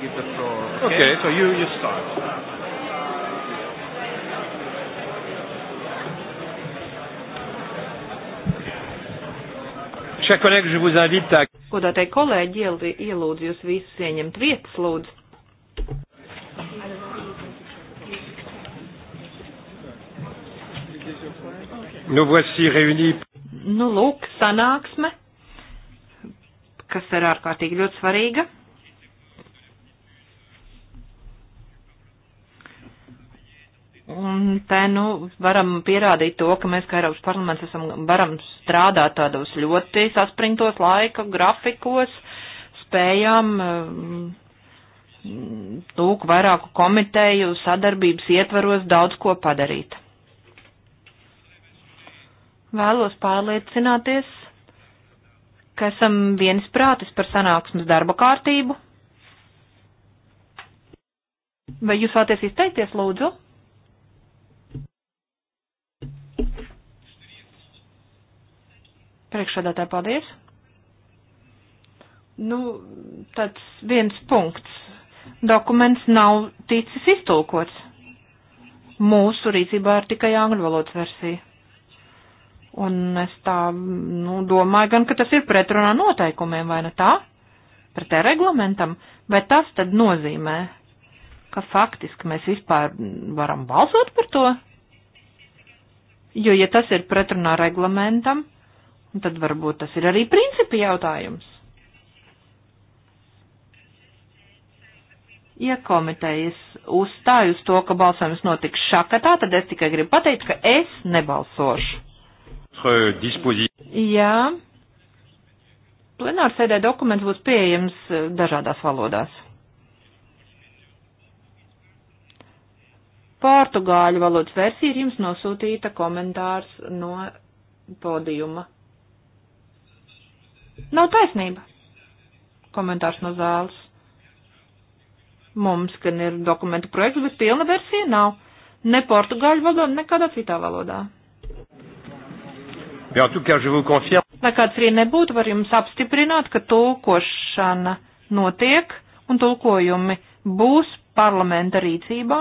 give the floor. Okay, okay so you, you start. Chers collègues, je vous invite à... Godātai kolēģi, ielūdzu jūs visus ieņemt vietas, lūdzu. Nous voici réunis. Nu, lūk, sanāksme, kas ir ārkārtīgi ļoti svarīga. Un te, nu, varam pierādīt to, ka mēs, kā Eiropas parlaments, esam, varam strādāt tādos ļoti sasprintos laika grafikos, spējām, mm, lūk, vairāku komiteju sadarbības ietvaros daudz ko padarīt. Vēlos pārliecināties, ka esam viensprātis par sanāksmes darba kārtību. Vai jūs vēlaties izteikties, lūdzu? Priekšādātāji, paldies. Nu, tāds viens punkts. Dokuments nav ticis iztulkots. Mūsu rīcībā ir tikai angļu valodas versija. Un es tā, nu, domāju gan, ka tas ir pretrunā noteikumiem, vai ne nu tā? Pretē reglamentam, vai tas tad nozīmē, ka faktiski mēs vispār varam balsot par to? Jo, ja tas ir pretrunā reglamentam, Un tad varbūt tas ir arī principi jautājums. Ja komitejas uzstāj uz to, ka balsojums notiks šakatā, tad es tikai gribu pateikt, ka es nebalsošu. Jā. Plenārsēdē dokuments būs pieejams e, dažādās valodās. Portugāļu valodas versija ir jums nosūtīta komentārs no podiuma. Nav taisnība. Komentārs no zāles. Mums gan ir dokumentu projekts, bet pilna versija nav. Ne portugāļu valodā, ne kādā citā valodā. Kā Lai kāds arī nebūtu, var jums apstiprināt, ka tulkošana notiek un tulkojumi būs parlamenta rīcībā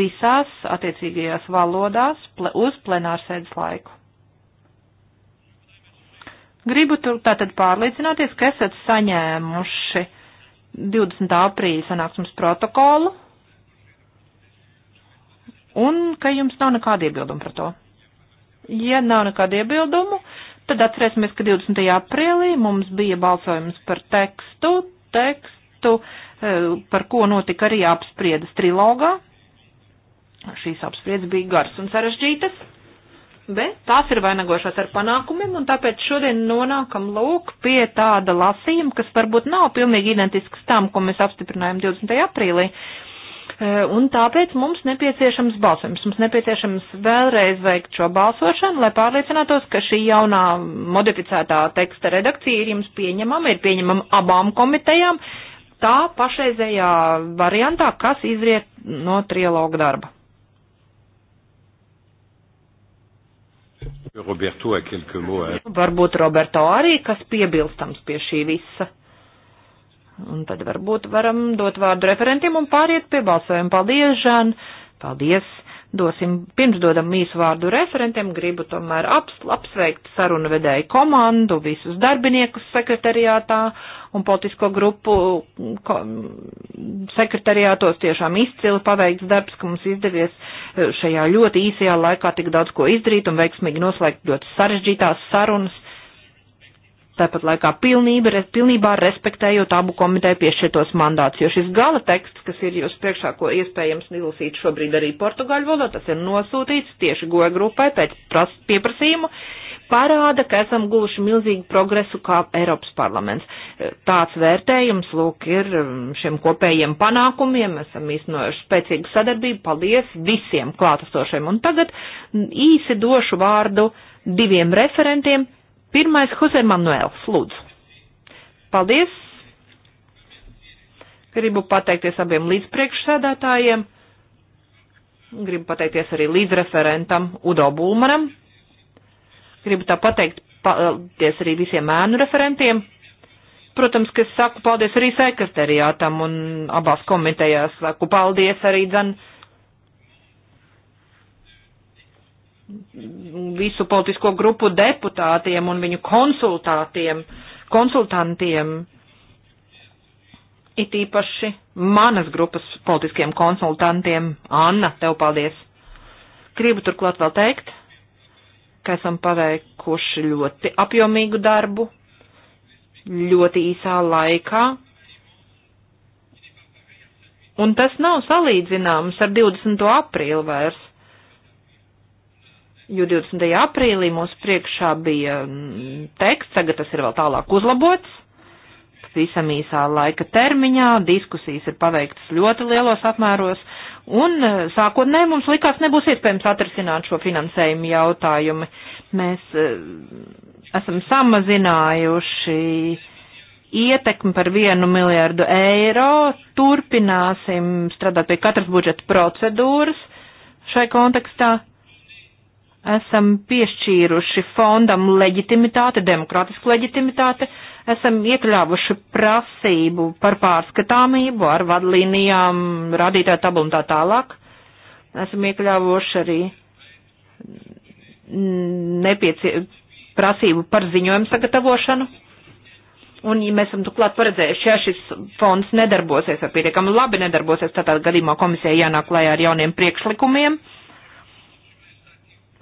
visās attiecīgajās valodās ple uz plenārsēdes laiku. Gribu tur tātad pārliecināties, ka esat saņēmuši 20. aprīļa sanāksmes protokolu un ka jums nav nekāda iebilduma par to. Ja nav nekāda iebildumu, tad atcerēsimies, ka 20. aprīlī mums bija balsojums par tekstu, tekstu, e, par ko notika arī apspriedas trilogā. Šīs apspriedas bija garas un sarežģītas bet tās ir vainagošās ar panākumiem, un tāpēc šodien nonākam lūk pie tāda lasījuma, kas varbūt nav pilnīgi identisks tam, ko mēs apstiprinājām 20. aprīlī. E, un tāpēc mums nepieciešams balsojums. Mums nepieciešams vēlreiz veikt šo balsošanu, lai pārliecinātos, ka šī jaunā modificētā teksta redakcija ir jums pieņemama, ir pieņemama abām komitejām, tā pašreizējā variantā, kas izriet no trialoga darba. Roberto, varbūt Roberto arī, kas piebilstams pie šī visa. Un tad varbūt varam dot vārdu referentiem un pāriet pie balsojuma. Paldies, Žan! Paldies! Dosim, pirms dodam īsu vārdu referentiem, gribu tomēr aps, apsveikt sarunu vedēju komandu, visus darbiniekus sekretariātā un politisko grupu ko, sekretariātos tiešām izcili paveikts darbs, ka mums izdevies eh, šajā ļoti īsajā laikā tik daudz ko izdarīt un veiksmīgi noslēgt ļoti sarežģītās sarunas tāpat laikā pilnība, res, pilnībā respektējot abu komiteju piešķirtos mandātus, jo šis gala teksts, kas ir jūs priekšā, ko iespējams izlasīt šobrīd arī portugāļu valodā, tas ir nosūtīts tieši goja grupai pēc pras, pieprasījumu, parāda, ka esam guvuši milzīgu progresu kā Eiropas parlaments. E, Tāds vērtējums, lūk, ir e, šiem kopējiem panākumiem, esam īstenojuši spēcīgu sadarbību, paldies visiem klātesošiem. Un tagad īsi došu vārdu diviem referentiem, Pirmais, Jose Manuels, lūdzu. Paldies. Gribu pateikties abiem līdzpriekšsēdētājiem. Gribu pateikties arī līdzreferentam Udo Bulmaram. Gribu tā pateikt paldies arī visiem ēnu referentiem. Protams, ka es saku paldies arī sekretariātam un abās komitejās saku paldies arī dzanu visu politisko grupu deputātiem un viņu konsultātiem, konsultantiem, it īpaši manas grupas politiskiem konsultantiem. Anna, tev paldies! Gribu turklāt vēl teikt, ka esam paveikuši ļoti apjomīgu darbu, ļoti īsā laikā. Un tas nav salīdzināms ar 20. aprīlu vairs jo 20. aprīlī mūsu priekšā bija mm, teksts, tagad tas ir vēl tālāk uzlabots, visam īsā laika termiņā, diskusijas ir paveiktas ļoti lielos apmēros, un e, sākotnēji mums likās nebūs iespējams atrisināt šo finansējumu jautājumu. Mēs e, esam samazinājuši ietekmi par vienu miljardu eiro, turpināsim strādāt pie katras budžeta procedūras šai kontekstā esam piešķīruši fondam leģitimitāti, demokratisku leģitimitāti, esam iekļāvuši prasību par pārskatāmību ar vadlīnijām, radītāju tabulu un tā tālāk. Esam iekļāvuši arī nepiecie prasību par ziņojumu sagatavošanu. Un, ja mēs esam turklāt paredzējuši, ja šis fonds nedarbosies vai pietiekami labi nedarbosies, tad tādā gadījumā komisija jānāk klajā ar jauniem priekšlikumiem. Uh,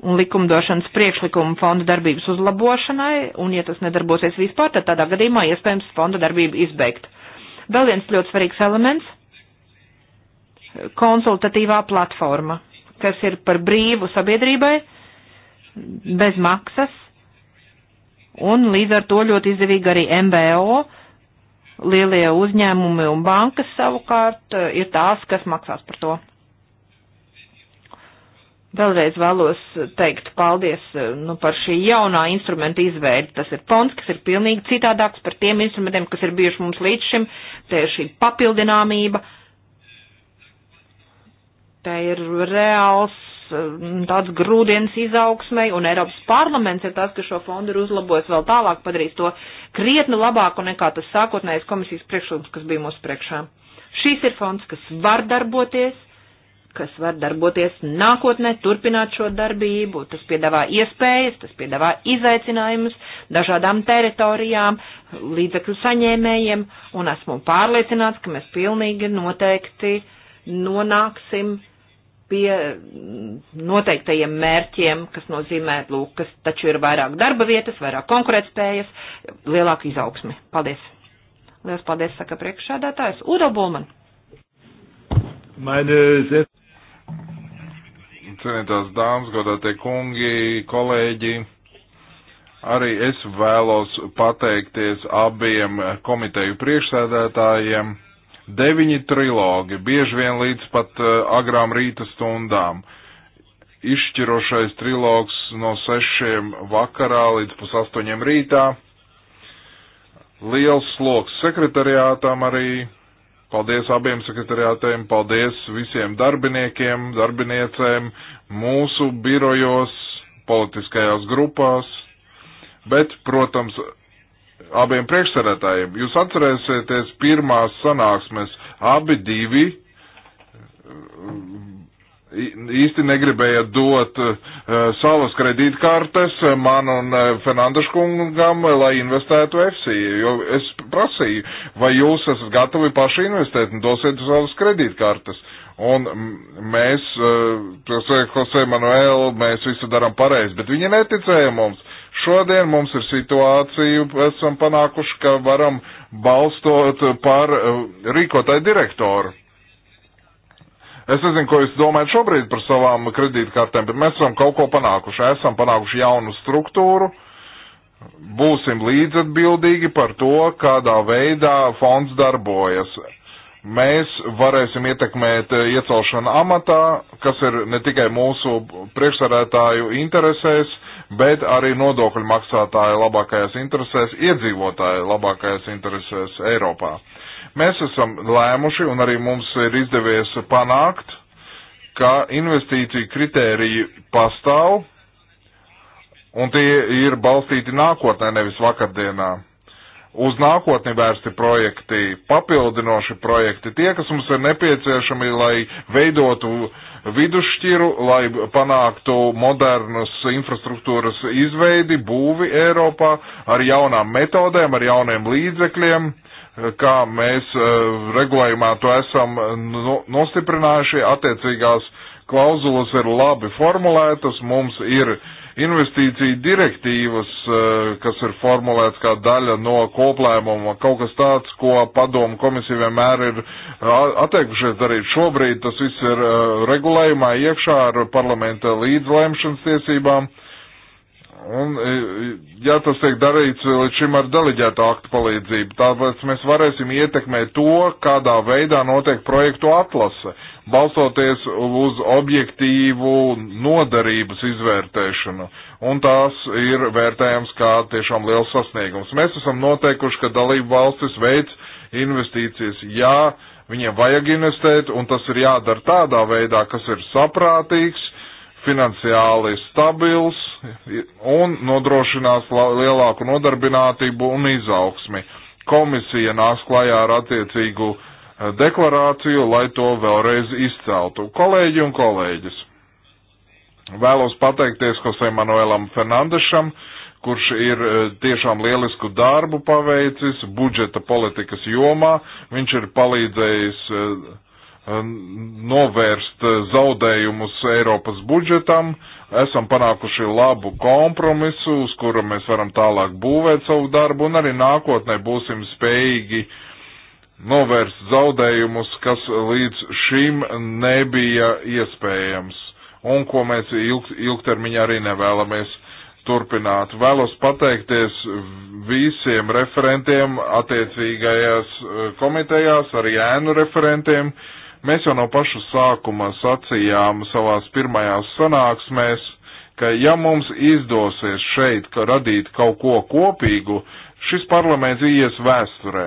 un likumdošanas priekšlikumu fonda darbības uzlabošanai, un ja tas nedarbosies vispār, tad tādā gadījumā iespējams fonda darbību izbeigt. Vēl viens ļoti svarīgs elements - konsultatīvā platforma, kas ir par brīvu sabiedrībai, bez maksas, un līdz ar to ļoti izdevīgi arī MBO, lielie uzņēmumi un bankas savukārt eh, ir tās, kas maksās par to. Vēlreiz vēlos teikt paldies eh, nu, par šī jaunā instrumenta izveidi. Tas ir fonds, kas ir pilnīgi citādāks par tiem instrumentiem, kas ir bijuši mums līdz šim. Te ir šī papildināmība, te ir reāls eh, tāds grūdienis izaugsmai, un Eiropas parlaments ir tas, kas šo fondu ir uzlabojis vēl tālāk, padarījis to krietni labāku nekā tas sākotnējais komisijas priekšlikums, kas bija mūsu priekšā. Šīs ir fonds, kas var darboties kas var darboties nākotnē, turpināt šo darbību. Tas piedāvā iespējas, tas piedāvā izaicinājumus dažādām teritorijām, līdzekļu saņēmējiem, un esmu pārliecināts, ka mēs pilnīgi noteikti nonāksim pie noteiktajiem mērķiem, kas nozīmē, lūk, kas taču ir vairāk darba vietas, vairāk konkurētspējas, lielāka izaugsme. Paldies! Liels paldies, saka priekšsādātājs Udo Bulman! Meine cienītās dāmas, godātie kungi, kolēģi. Arī es vēlos pateikties abiem komiteju priekšsēdētājiem. Deviņi trilogi, bieži vien līdz pat eh, agrām rīta stundām. Izšķirošais trilogs no sešiem vakarā līdz pusastoņiem rītā. Liels sloks sekretariātām arī Paldies abiem sekretariātiem, paldies visiem darbiniekiem, darbiniecēm, mūsu birojos, politiskajās grupās, bet, protams, abiem priekšsarētājiem. Jūs atcerēsieties pirmās sanāksmes, abi divi īsti negribēja dot uh, savas kredītkartes man un uh, eh, Fernandeškungam, lai investētu EFSI, jo es prasīju, vai jūs esat gatavi paši investēt un dosiet savas kredītkartes. Un mēs, uh, Jose Manuel, mēs visu darām pareizi, bet viņi neticēja mums. Šodien mums ir situācija, esam panākuši, ka varam balstot par rīkotāju direktoru Es nezinu, ko jūs domājat šobrīd par savām kredītkartēm, bet mēs esam kaut ko panākuši. Esam panākuši jaunu struktūru, būsim līdzatbildīgi par to, kādā veidā fonds darbojas. Mēs varēsim ietekmēt eh, iecelšanu amatā, kas ir ne tikai mūsu priekšsarētāju interesēs, bet arī nodokļu maksātāju labākajās interesēs, iedzīvotāju labākajās interesēs Eiropā. Uh, Mēs esam lēmuši, un arī mums ir izdevies panākt, ka investīciju kritēriji pastāv, un tie ir balstīti nākotnē, nevis vakardienā. Uz nākotni vērsti projekti, papildinoši projekti, tie, kas mums ir nepieciešami, lai veidotu vidusšķiru, lai panāktu modernas infrastruktūras izveidi, būvi Eiropā ar jaunām metodēm, ar jauniem līdzekļiem, uh, kā mēs e, regulējumā to esam nostiprinājuši. Attiecīgās klauzulas ir labi formulētas, mums ir investīcija direktīvas, e, kas ir formulēts kā daļa no koplēmuma, kaut kas tāds, ko padomu komisija vienmēr ir atteikušies darīt. Šobrīd tas viss ir e, regulējumā iekšā ar parlamenta līdzlēmšanas tiesībām. Uh, Un, e, ja tas tiek darīts e, līdz šim ar deleģēto aktu palīdzību, tāpēc mēs varēsim ietekmēt to, kādā veidā notiek projektu atlase, balstoties uz objektīvu nodarības izvērtēšanu. Un tās ir vērtējams kā tiešām liels sasniegums. Mēs esam noteikuši, ka dalību valstis veids investīcijas, jā, viņiem vajag investēt, un tas ir jādara tādā veidā, kas ir saprātīgs finansiāli stabils un nodrošinās lielāku nodarbinātību un izaugsmi. Komisija nāks klajā ar attiecīgu eh, deklarāciju, lai to vēlreiz izceltu. Kolēģi un kolēģis, vēlos pateikties Jose Manuelam Fernandešam, kurš ir eh, tiešām lielisku darbu paveicis budžeta politikas jomā. Viņš ir palīdzējis uh, novērst eh, zaudējumus Eiropas budžetam. Esam panākuši labu kompromisu, uz kura mēs varam tālāk būvēt savu darbu, un arī nākotnē būsim spējīgi novērst zaudējumus, kas līdz šim nebija iespējams un ko mēs ilg, ilgtermiņā arī nevēlamies turpināt. Vēlos pateikties visiem referentiem attiecīgajās eh, komitejās, arī ēnu referentiem, uh, Mēs jau no paša sākuma sacījām savās pirmajās sanāksmēs, ka ja mums izdosies šeit ka radīt kaut ko kopīgu, šis parlaments ies vēsturē.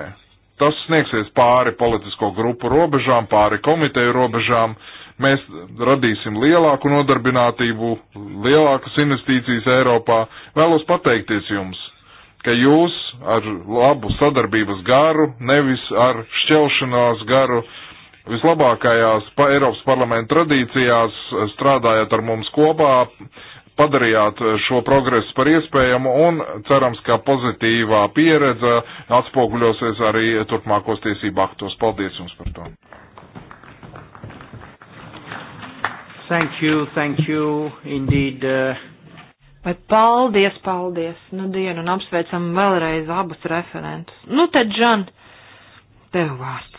Tas sniegsies pāri politisko grupu robežām, pāri komiteju robežām. Mēs radīsim lielāku nodarbinātību, lielākas investīcijas Eiropā. Vēlos pateikties jums, ka jūs ar labu sadarbības garu, nevis ar šķelšanās garu, uh, vislabākajās pa Eiropas parlamenta tradīcijās, eh, strādājot ar mums kopā, padarījāt eh, šo progresu par iespējamu un cerams, ka pozitīvā pieredze atspoguļosies arī turpmākos tiesību aktos. Paldies jums par to! Thank you, thank you indeed. Vai uh, paldies, paldies, nu dienu un apsveicam vēlreiz abus referentus. Nu tad, Džan, tev vārds.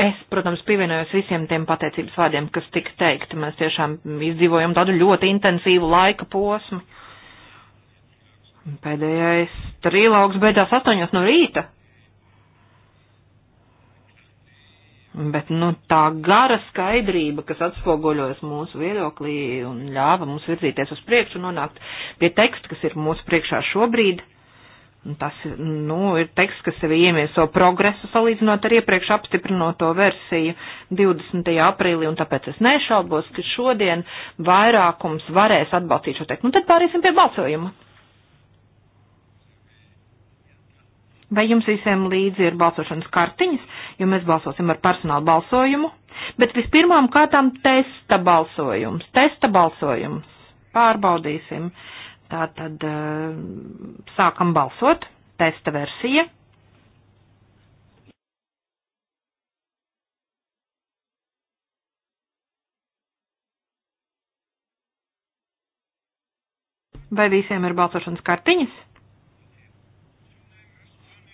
Es, protams, pievienojos visiem tiem pateicības vārdiem, kas tika teikti. Mēs tiešām izdzīvojam tādu ļoti intensīvu laika posmu. Pēdējais trīlauks beidzās astoņos no rīta. Bet, nu, tā gara skaidrība, kas atspoguļojas mūsu viedoklī un ļāva mums virzīties uz priekšu un nonākt pie teksta, kas ir mūsu priekšā šobrīd, Tas nu, ir teksts, kas sevi iemieso progresu salīdzinot ar iepriekš apstiprinoto versiju 20. aprīlī, un tāpēc es nešaubos, ka šodien vairākums varēs atbalstīt šo tekstu. Nu, tad pāriesim pie balsojuma. Vai jums visiem līdzi ir balsošanas kartiņas, jo mēs balsosim ar personālu balsojumu? Bet vispirmām kārtām testa balsojums, testa balsojums. Pārbaudīsim. Uh, Tātad eh, sākam balsot. Testa versija. Vai visiem ir balsošanas kartiņas?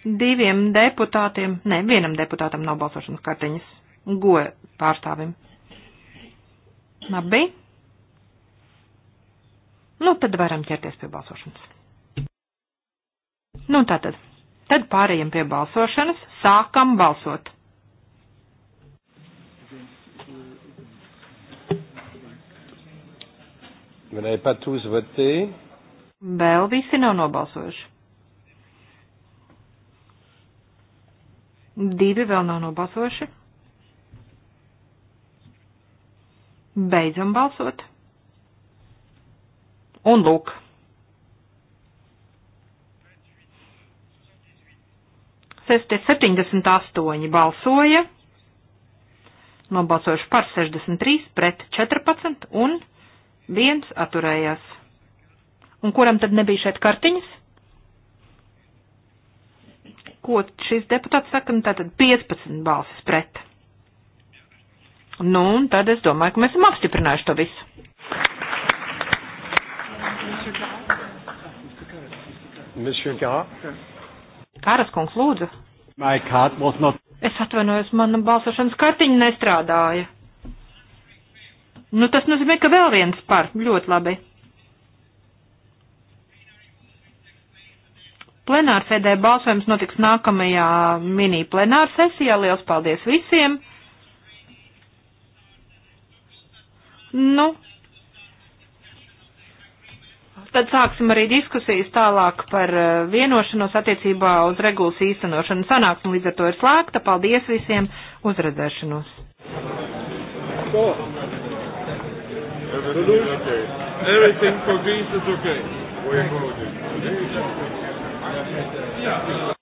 Diviem deputātiem, ne, vienam deputātam nav balsošanas kartiņas. Go pārstāvim. Labi. Nu, tad varam ķerties pie balsošanas. Nu, tātad. Tad pārējiem pie balsošanas. Sākam balsot. Vous n'avez pas tous voté. Vēl visi nav nobalsojuši. Divi vēl nav nobalsojuši. Beidzam balsot. Un lūk. Sestie 78 balsoja, nobalsojuši par 63, pret 14 un viens atturējās. Un kuram tad nebija šeit kartiņas? Ko šis deputāts saka? Nu, tātad 15 balsis pret. Nu, un tad es domāju, ka mēs esam apstiprinājuši to visu. Monsieur Kara. Kāras kungs, lūdzu. My card was not. Es atvainojos, mana balsošanas kartiņa nestrādāja. Nu, tas nozīmē, ka vēl viens par. Ļoti labi. Plenārsēdē balsojums notiks nākamajā mini plenāra sesijā. Liels paldies visiem! Nu, tad sāksim arī diskusijas tālāk par eh, vienošanos attiecībā uz regulas īstenošanu. Sanāksim līdz ar to ir slēgta. Paldies visiem uzredzēšanos. So, everything, okay. everything for Greece is okay. We are voting. Yeah.